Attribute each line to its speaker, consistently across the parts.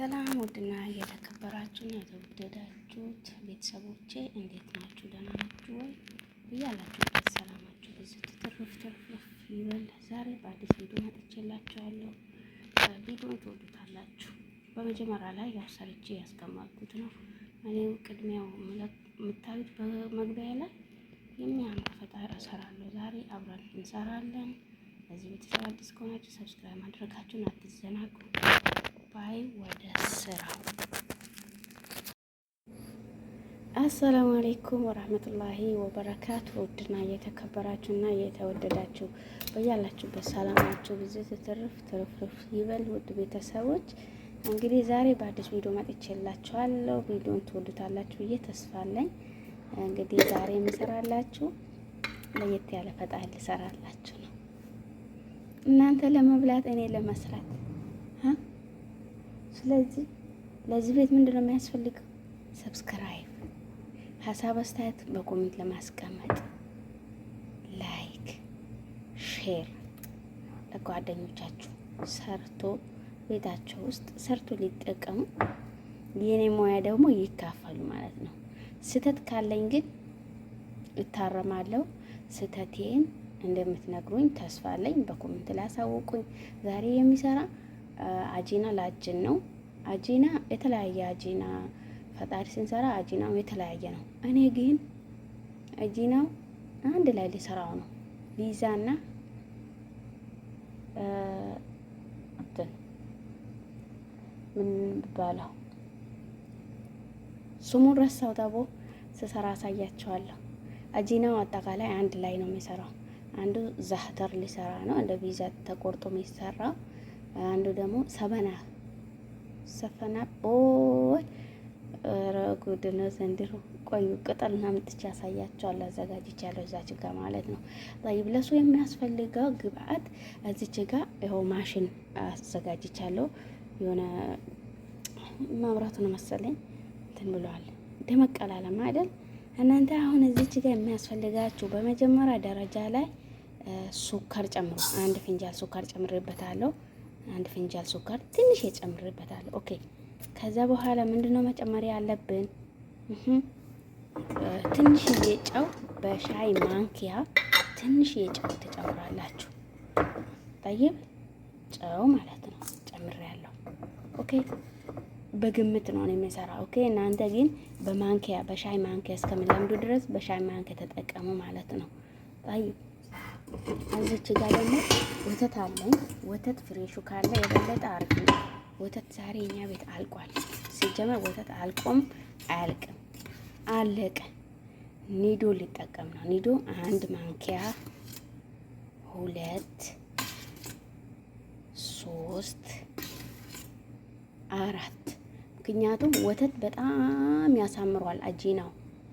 Speaker 1: ሰላም ውድና እየተከበራችሁና የተወደዳችሁት ቤተሰቦቼ እንዴት ናችሁ? ደህና ናችሁ ወይ? እያላችሁበት ሰላማችሁ ብዙ ትርፍ ትርፍ ይበል። ዛሬ በአዲስ ቪዲዮ መጥቼላችኋለሁ። ቪዲዮ ትወዱታላችሁ። በመጀመሪያ ላይ ያው ሰርቼ ያስቀመጥኩት ነው። እኔም ቅድሚያው የምታዩት በመግቢያ ላይ የሚያምር ፈጣሪ እሰራለሁ። ዛሬ አብረን እንሰራለን። ለዚህ ቤተሰብ አዲስ ከሆናችሁ ሰብስክራይብ ማድረጋችሁን አትዘናጉ። ባይ ወደ ስራ። አሰላሙ አሌይኩም ወራህመቱላሂ ወበረካቱ። ውድና እየተከበራችሁና እየተወደዳችሁ በያላችሁበት ሰላማችሁ ብዙ ትትርፍ ትርፍርፍ ይበል። ውድ ቤተሰቦች እንግዲህ ዛሬ በአዲስ ቪዲዮ መጥቼላችኋለሁ። ቪዲዮን ትወዱታላችሁ ብዬ ተስፋ አለኝ። እንግዲህ ዛሬ የምሰራላችሁ ለየት ያለ ፈጣሪ ልሰራላችሁ ነው እናንተ ለመብላት እኔ ለመስራት ስለዚህ ለዚህ ቤት ምንድን ነው የሚያስፈልገው? ሰብስክራይብ፣ ሀሳብ አስተያየት በኮሜንት ለማስቀመጥ ላይክ፣ ሼር ለጓደኞቻችሁ ሰርቶ ቤታቸው ውስጥ ሰርቶ ሊጠቀሙ የኔ ሙያ ደግሞ ይካፈሉ ማለት ነው። ስህተት ካለኝ ግን እታረማለሁ። ስህተቴን እንደምትነግሩኝ ተስፋ አለኝ። በኮሜንት ላሳውቁኝ ዛሬ የሚሰራ አጂና ለአጅን ነው። አጂና የተለያየ አጂና ፈጣሪ ስንሰራ አጂናው የተለያየ ነው። እኔ ግን አጂናው አንድ ላይ ሊሰራው ነው ቪዛና እንትን ምን ባለው ስሙን ረሳው ዳቦ ስሰራ አሳያቸዋለሁ። አጂናው አጠቃላይ አንድ ላይ ነው የሚሰራው። አንዱ ዛህተር ሊሰራ ነው እንደ ቪዛ ተቆርጦ የሚሰራው አንዱ ደግሞ ሰበና ሰፈና ኦይ ረጉድ ነው ዘንድሮ። ቆዩ ቅጠል ምናምን ጥቻ ያሳያቸዋል አዘጋጅቻለሁ እዛች ጋ ማለት ነው። ጠይብ ለሱ የሚያስፈልገው ግብአት እዚች ጋ ይኸው ማሽን አዘጋጅቻለሁ። የሆነ መብራቱ መሰለኝ እንትን ብለዋል። ደመቅ አላለም አይደል? እናንተ አሁን እዚች ጋ የሚያስፈልጋችሁ በመጀመሪያ ደረጃ ላይ ሱከር ጨምሩ። አንድ ፍንጃል ሱከር ጨምሬበታለሁ። አንድ ፍንጃል ሱካር ትንሽ የጨምርበታል። ኦኬ ከዛ በኋላ ምንድነው መጨመሪያ ያለብን? ትንሽዬ ጨው በሻይ ማንኪያ ትንሽዬ ጨው ትጨምራላችሁ። ጠይብ ጨው ማለት ነው ያለው ኦኬ በግምት ነው የሚሰራ። ኦኬ እናንተ ግን በማንኪያ በሻይ ማንኪያ እስከምለምዱ ድረስ በሻይ ማንኪያ ተጠቀሙ ማለት ነው። ጠይብ እዚች ጋር ደግሞ ወተት አለኝ። ወተት ፍሬሹ ካለ የበለጠ አርግ ወተት ዛሬ እኛ ቤት አልቋል። ሲጀመር ወተት አልቆም አያልቅም፣ አለቀ። ኒዶ ሊጠቀም ነው። ኒዶ አንድ ማንኪያ፣ ሁለት፣ ሶስት፣ አራት። ምክንያቱም ወተት በጣም ያሳምሯል። አጂናው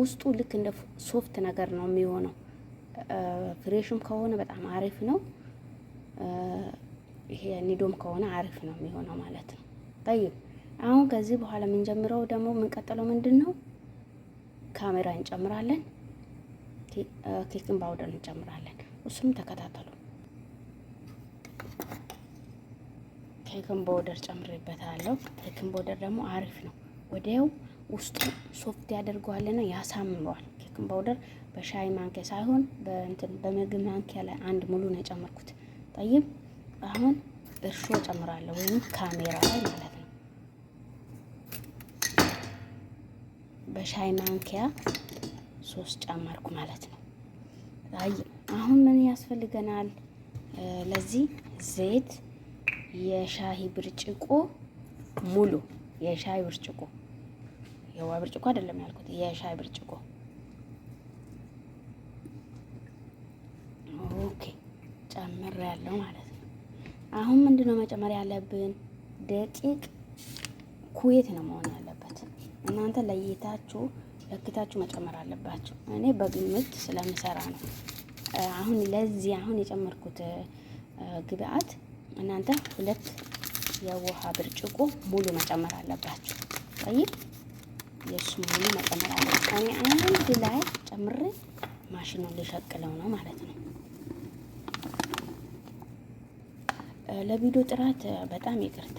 Speaker 1: ውስጡ ልክ እንደ ሶፍት ነገር ነው የሚሆነው ፍሬሽም ከሆነ በጣም አሪፍ ነው። ይሄ ኒዶም ከሆነ አሪፍ ነው የሚሆነው ማለት ነው። ጠይብ አሁን ከዚህ በኋላ የምንጀምረው ደግሞ የምንቀጥለው ምንድን ነው? ካሜራ እንጨምራለን፣ ኬክን ባውደር እንጨምራለን። እሱም ተከታተሉ። ኬክን ባውደር ጨምሬበታለሁ። ኬክን ባውደር ደግሞ አሪፍ ነው። ወዲያው ውስጡ ሶፍት ያደርገዋልና ያሳምረዋል። ቤኪንግ ፓውደር በሻይ ማንኪያ ሳይሆን በምግብ ማንኪያ ላይ አንድ ሙሉ ነው የጨመርኩት። ጠይብ አሁን እርሾ ጨምራለሁ፣ ወይም ካሜራ ላይ ማለት ነው። በሻይ ማንኪያ ሶስት ጨመርኩ ማለት ነው። ጠይብ አሁን ምን ያስፈልገናል? ለዚህ ዘይት የሻይ ብርጭቆ ሙሉ የሻይ ብርጭቆ የዋ ብርጭቆ አይደለም ያልኩት የሻይ ብርጭቆ ኦኬ ጨምር ያለው ማለት ነው። አሁን ምንድነው መጨመር ያለብን? ደቂቅ ኩዌት ነው መሆን ያለበት። እናንተ ለይታችሁ ለክታችሁ መጨመር አለባችሁ። እኔ በግምት ስለምሰራ ነው። አሁን ለዚህ አሁን የጨመርኩት ግብአት እናንተ ሁለት የውሃ ብርጭቆ ሙሉ መጨመር አለባችሁ። ቀይ የእሱ ሙሉ መጨመር አለ። እኔ አንድ ላይ ጨምሬ ማሽኑን ሊሸቅለው ነው ማለት ነው። ለቪዲዮ ጥራት በጣም ይቅርታ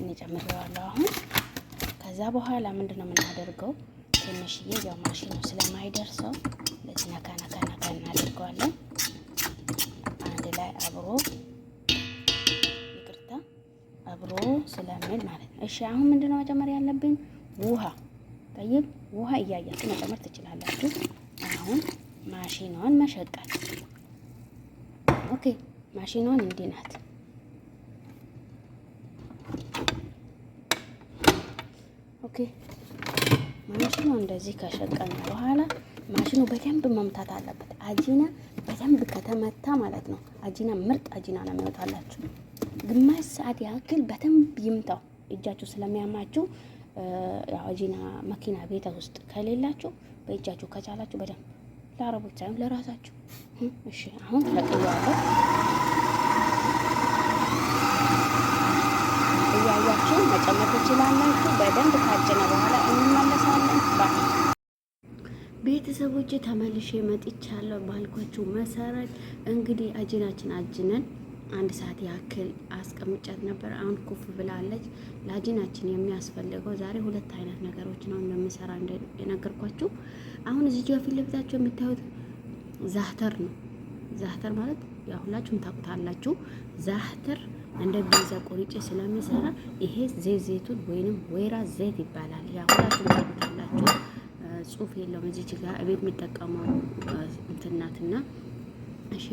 Speaker 1: እኔ ጨምሬዋለሁ። አሁን ከዛ በኋላ ምንድን ነው የምናደርገው? ትንሽዬ ያው ማሽኑ ስለማይደርሰው ለዚህ ነካ ነካ ነካ እናደርገዋለን አንድ ላይ አብሮ ይቅርታ አብሮ ስለሚል ማለት ነው። እሺ አሁን ምንድን ነው መጨመር ያለብኝ? ውሃ ጠይብ ውሃ እያያችሁ መጨመር ትችላላችሁ። አሁን ማሽኗን መሸቀል ኦኬ ማሽኗን እንዲህ ናት። ኦኬ ማሽኑ እንደዚህ ከሸቀነ በኋላ ማሽኑ በደንብ መምታት አለበት። አጂና በደንብ ከተመታ ማለት ነው። አጂና ምርጥ አጂና ነው የሚወጣላችሁ። ግማሽ ሰዓት ያክል በደንብ ይምታው። እጃችሁ ስለሚያማችሁ አጂና መኪና ቤተ ውስጥ ከሌላችሁ በእጃችሁ ከቻላችሁ በደንብ ለአረቦች ሳይሆን ለራሳችሁ። እሺ አሁን ለቅያለሁ። መጨመር ትችላላችሁ። በደንብ ካጀነ በኋላ እንመለሳለን። ቤተሰቦች ተመልሼ መጥቻለሁ። ባልኳችሁ መሰረት እንግዲህ አጅናችን አጅነን አንድ ሰዓት ያክል አስቀምጫት ነበር። አሁን ኩፍ ብላለች። ለአጅናችን የሚያስፈልገው ዛሬ ሁለት አይነት ነገሮች ነው እንደምሰራ የነገርኳችሁ። አሁን እዚህ ፊት ለፊታችሁ የምታዩት ዛህተር ነው። ዛህተር ማለት ሁላችሁም ታውቁታላችሁ። ዛህተር እንደ ቤዛ ቆርጬ ስለሚሰራ ይሄ ዜዜቱን ወይንም ወይራ ዘይት ይባላል። ያ ሁላችሁም ታውቁታላችሁ። ጽሁፍ የለውም እዚች ጋር እቤት የሚጠቀመው እንትናትና እሺ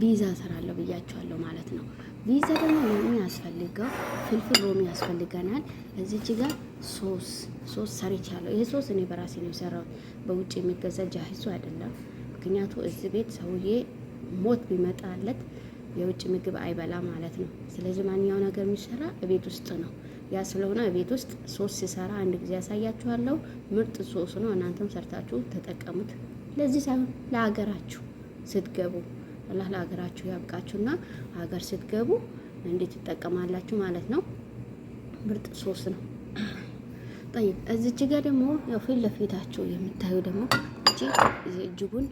Speaker 1: ቪዛ ሰራለሁ ብያቸዋለሁ ማለት ነው። ቪዛ ደግሞ ሎሚ ያስፈልገው ፍልፍል ሎሚ ያስፈልገናል። እዚች ጋር ሶስ ሶስ ሰርቻለሁ። ይሄ ሶስ እኔ በራሴ ነው የሰራሁት። በውጭ የሚገዛ ጃሂሱ አይደለም። ምክንያቱ እዚህ ቤት ሰውዬ ሞት ቢመጣለት የውጭ ምግብ አይበላ ማለት ነው። ስለዚህ ማንኛው ነገር የሚሰራ እቤት ውስጥ ነው። ያ ስለሆነ እቤት ውስጥ ሶስ ሲሰራ አንድ ጊዜ ያሳያችኋለሁ። ምርጥ ሶስ ነው። እናንተም ሰርታችሁ ተጠቀሙት። ለዚህ ሳይሆን ለሀገራችሁ ስትገቡ አላህ ለሀገራችሁ ያብቃችሁና ሀገር ስትገቡ እንዴት ትጠቀማላችሁ ማለት ነው። ምርጥ ሶስ ነው። ጠይብ እዚች ጋር ደግሞ ያው ፊት ለፊታችሁ የምታዩ ደግሞ እጅጉን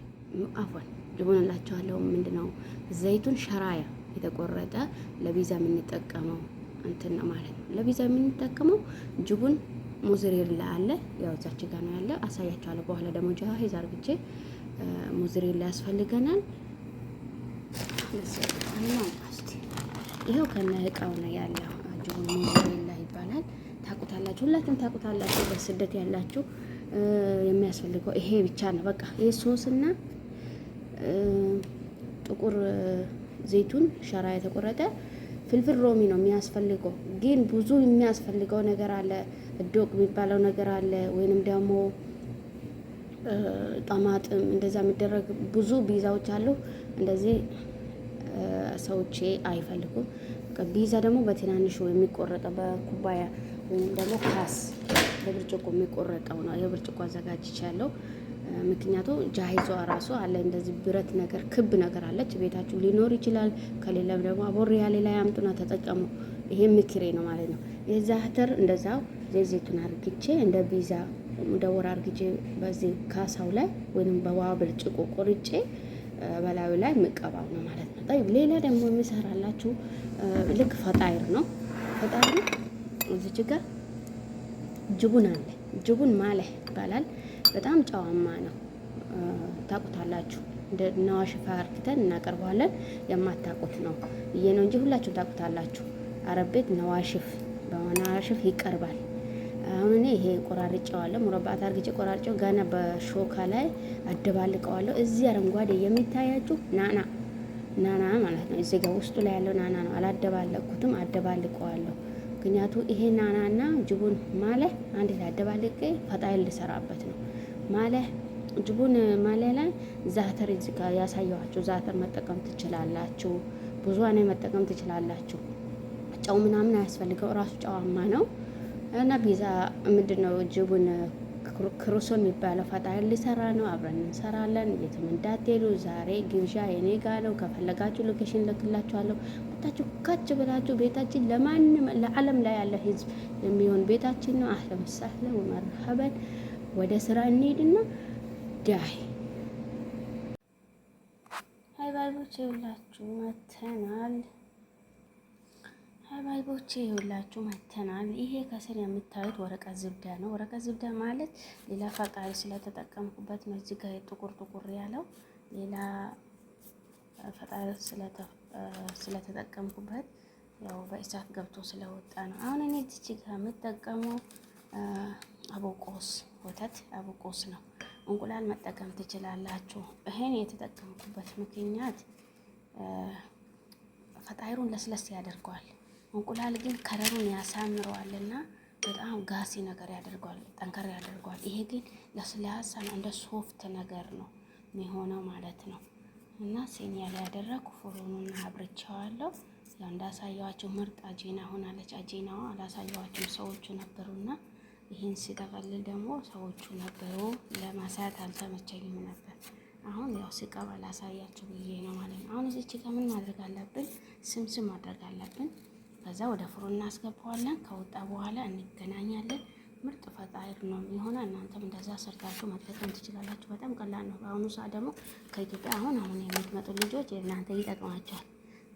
Speaker 1: አፏል እሆንላችኋለሁ። ምንድን ነው ዘይቱን ሸራያ የተቆረጠ ለቪዛ የምንጠቀመው እንትን ነው ማለት ነው። ለቪዛ የምንጠቀመው ጅቡን ሙዝሬላ አለ፣ ያው እዛች ጋ ነው ያለ፣ አሳያችኋለሁ። በኋላ ደግሞ ጃ ጃሂዝ አርግቼ ሙዝሬላ ያስፈልገናል። ይኸው ከነ እቃው ነው ያለው። ጅቡን ሙዝሬላ ይባላል። ታቁታላችሁ፣ ሁላችሁም ታቁታላችሁ። በስደት ያላችሁ የሚያስፈልገው ይሄ ብቻ ነው። በቃ ይህ ሶስና ጥቁር ዘይቱን ሸራ የተቆረጠ ፍልፍል ሮሚ ነው የሚያስፈልገው። ግን ብዙ የሚያስፈልገው ነገር አለ፣ እዶቅ የሚባለው ነገር አለ፣ ወይንም ደግሞ ጠማጥም እንደዛ የሚደረግ ብዙ ቢዛዎች አሉ። እንደዚህ ሰዎቼ አይፈልጉም። ቢዛ ደግሞ በትናንሹ የሚቆረጠ በኩባያ ወይም ደግሞ ካስ በብርጭቆ የሚቆረጠው ነው። የብርጭቆ አዘጋጅቻለሁ። ምክንያቱ ጃሂዟ ራሱ አለ እንደዚህ ብረት ነገር ክብ ነገር አለች ቤታችሁ ሊኖር ይችላል። ከሌለም ደግሞ አቦሪያ ሌላ ያምጡና ተጠቀሙ። ይሄ ምክሬ ነው ማለት ነው። የዛህተር እንደዛው ዘይቱን አርግቼ እንደ ቢዛ ደወር አርግቼ በዚህ ካሳው ላይ ወይም በውሃ ብርጭቆ ቆርጬ በላዩ ላይ ምቀባው ነው ማለት ነው። ጠይብ ሌላ ደግሞ የሚሰራላችሁ ልክ ፈጣይር ነው። ፈጣይር እዚች ጋር ጅቡን አለ ጅቡን ማለህ ይባላል። በጣም ጨዋማ ነው። ታቁታላችሁ። እንደ ነዋሽፋ አርግተን እናቀርበዋለን። የማታቁት ነው ብዬ ነው እንጂ ሁላችሁም ታቁታላችሁ። አረብ ቤት ነዋሽፍ በነዋሽፍ ይቀርባል። አሁን እኔ ይሄ ቆራርጨዋለሁ፣ ሙረባት አርግጬ ቆራርጨው ገና በሾካ ላይ አደባልቀዋለሁ። እዚህ አረንጓዴ የሚታያችሁ ናና ናና ማለት ነው። እዚህ ጋር ውስጡ ላይ ያለው ናና ነው። አላደባለኩትም፣ አደባልቀዋለሁ። ምክንያቱ ይሄ ናናና ጅቡን ማለ አንዴ ላይ ፈጣይ ልሰራበት ነው። ማለህ ጅቡን ማለ ላይ ዛተር እዚህ ጋር ያሳየኋችሁ ዛተር መጠቀም ትችላላችሁ። ብዙ አይነት መጠቀም ትችላላችሁ። ጨው ምናምን አያስፈልገው እራሱ ጨዋማ ነው እና ቤዛ ምንድን ነው ጅቡን ክሩሶ የሚባለው ፈጣሪ ሊሰራ ነው። አብረን እንሰራለን። የትም እንዳትሄዱ። ዛሬ ግብዣ የኔ ጋ ነው። ከፈለጋችሁ ሎኬሽን ልክላችኋለሁ። ቦታችሁ ካች ብላችሁ ቤታችን ለማንም ለዓለም ላይ ያለ ህዝብ የሚሆን ቤታችን ነው። አህለን ወሰህለን ወመርሀበን ወደ ስራ እንሄድና ዳይ ሀይባይቦቼ ሁላችሁ መተናል። ሀይባይቦቼ ሁላችሁ መተናል። ይሄ ከስር የምታዩት ወረቀት ዝብዳ ነው። ወረቀት ዝብዳ ማለት ሌላ ፈቃሪ ስለተጠቀምኩበት ነው እዚህ ጋር ጥቁር ጥቁር ያለው ሌላ ፈጣሪ ስለተጠቀምኩበት ያው በእሳት ገብቶ ስለወጣ ነው። አሁን እኔ እዚች የምጠቀመው አቦቆስ ወተት አብቆስ ነው። እንቁላል መጠቀም ትችላላችሁ። ይሄን የተጠቀምኩበት ምክንያት ፈጣይሩን ለስለስ ያደርገዋል። እንቁላል ግን ከረሩን ያሳምረዋልና በጣም ጋሲ ነገር ያደርገዋል፣ ጠንከር ያደርገዋል። ይሄ ግን ለስላሳ እንደ ሶፍት ነገር ነው የሚሆነው ማለት ነው። እና ሴኛ ላይ ያደረኩ ፎሮኑን አብርቻዋለሁ። ያው እንዳሳየዋቸው ምርጥ አጂና ሆናለች። አጂናዋ አላሳየዋቸው ሰዎቹ ነበሩና ይህን ሲጠቀልል ደግሞ ሰዎቹ ነበሩ ለማሳያት አልተመቸኝም ነበር። አሁን ያው ስቀበል አሳያችሁ ብዬ ነው ማለት ነው። አሁን እዚች ከምን ማድረግ አለብን? ስምስም ማድረግ አለብን። ከዛ ወደ ፍሮ እናስገባዋለን። ከወጣ በኋላ እንገናኛለን። ምርጥ ፈጣሪ ነው የሚሆነው። እናንተም እንደዛ ሰርታችሁ መጠቀም ትችላላችሁ። በጣም ቀላል ነው። በአሁኑ ሰዓት ደግሞ ከኢትዮጵያ አሁን አሁን የምትመጡ ልጆች እናንተ ይጠቅማቸዋል።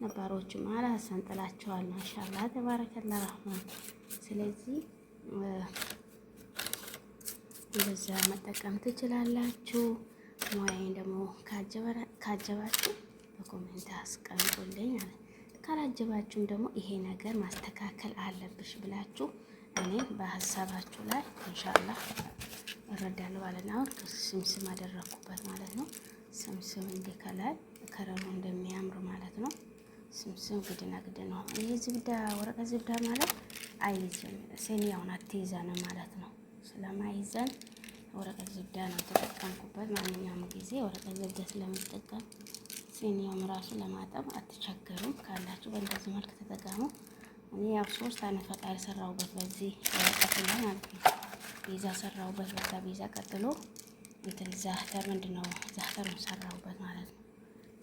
Speaker 1: ነባሮቹ ነባሮቹም ሰንጥላቸዋል። ማሻላ ተባረከላ ረህማን። ስለዚህ እንደዛ መጠቀም ትችላላችሁ። ሙያዬን ደግሞ ካጀባችሁ በኮሜንት አስቀምጡልኝ አለ። ካላጀባችሁም ደግሞ ይሄ ነገር ማስተካከል አለብሽ ብላችሁ እኔ በሀሳባችሁ ላይ ኢንሻአላህ እረዳለሁ ማለት ነው። አሁን ስምስም አደረግኩበት ማለት ነው። ስምስም እንዲህ ከላይ ከረሩ እንደሚያምሩ ማለት ነው። ስምስም ግድና ግድ ነው። ይህ ዝብዳ ወረቀት ዝብዳ ማለት አይይዝም፣ ሴኒያውን አትይዘንም ማለት ነው። ስለማይዘን ወረቀት ዝብዳ ነው ተጠቀምኩበት። ማንኛውም ጊዜ ወረቀት ዝብዳ ስለምጠቀም ሲኒውም ራሱ ለማጠብ አትቸገሩም። ካላችሁ በእንደዚህ መልክ ተጠቀሙ። እኔ ያው ሶስት አይነት ፈጣሪ ሰራሁበት በዚህ ወረቀት ላይ ማለት ነው። ቤዛ ሰራሁበት፣ በዛ ቤዛ ቀጥሎ እንትን ዛህተር ምንድን ነው ዛህተሩን ሰራሁበት ማለት ነው።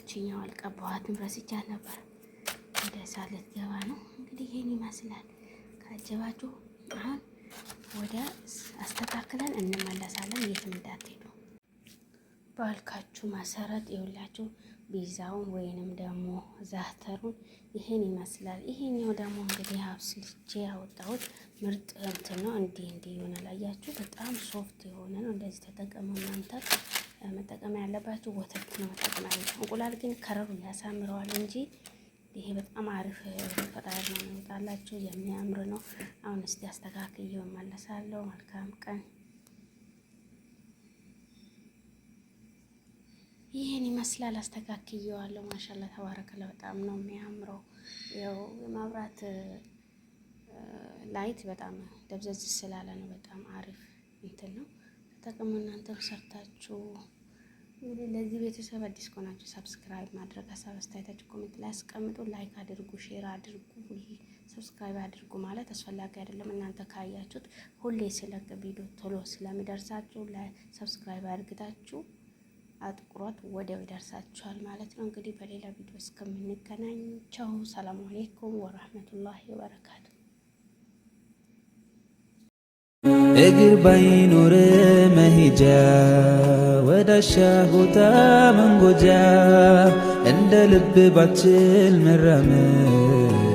Speaker 1: እችኛው አልቀባኋትም ረስቻት ነበር። ወደ ሳለት ገባ ነው እንግዲህ ይህን ይመስላል። ካጀባችሁ አሁን ወደ አስተካክለን እንመለሳለን። የትም እንዳትሄዱ ባልካችሁ መሰረት የሁላችሁ ቢዛውን ወይንም ደግሞ ዛተሩን ይህን ይመስላል። ይሄኛው ደግሞ እንግዲህ አብስልቼ ያወጣሁት ምርጥ እንትን ነው። እንዲህ እንዲህ ይሆናል። አያችሁ፣ በጣም ሶፍት የሆነ ነው። እንደዚህ ተጠቀሙ እናንተ። መጠቀም ያለባችሁ ወተት ነው መጠቀም ያለ እንቁላል ግን ከረሩ ያሳምረዋል እንጂ ይሄ በጣም አሪፍ ፈጣሪ ነው የሚመጣላችሁ፣ የሚያምር ነው። አሁን እስቲ አስተካክዬ እመለሳለሁ። መልካም ቀን። ይህን ይመስላል። አስተካክዬዋለሁ። ማሻላ ተባረከለ። በጣም ነው የሚያምረው። ያው የማብራት ላይት በጣም ደብዘዝ ስላለ ነው በጣም አሪፍ እንትን ነው። ተጠቅሙ እናንተም ሰርታችሁ ለዚህ ቤተሰብ አዲስ ከሆናችሁ ሰብስክራይብ ማድረግ፣ ሀሳብ አስተያየታችሁ ኮሜንት ላይ አስቀምጡ። ላይክ አድርጉ፣ ሼር አድርጉ፣ ሰብስክራይብ አድርጉ። ማለት አስፈላጊ አይደለም። እናንተ ካያችሁት ሁሌ ስለቅ ቪዲዮ ቶሎ ስለሚደርሳችሁ ሰብስክራይብ አድርግታችሁ አጥቁሯት ወዲያው ይደርሳችኋል ማለት ነው። እንግዲህ በሌላ ቪዲዮ እስከምንገናኝ ቻው። ሰላም አሌይኩም ወራህመቱላሂ ወበረካቱ። እግር ባይኖር መሄጃ ወዳሻ ቦታ መንጎጃ እንደ ልብ ባችል መራመድ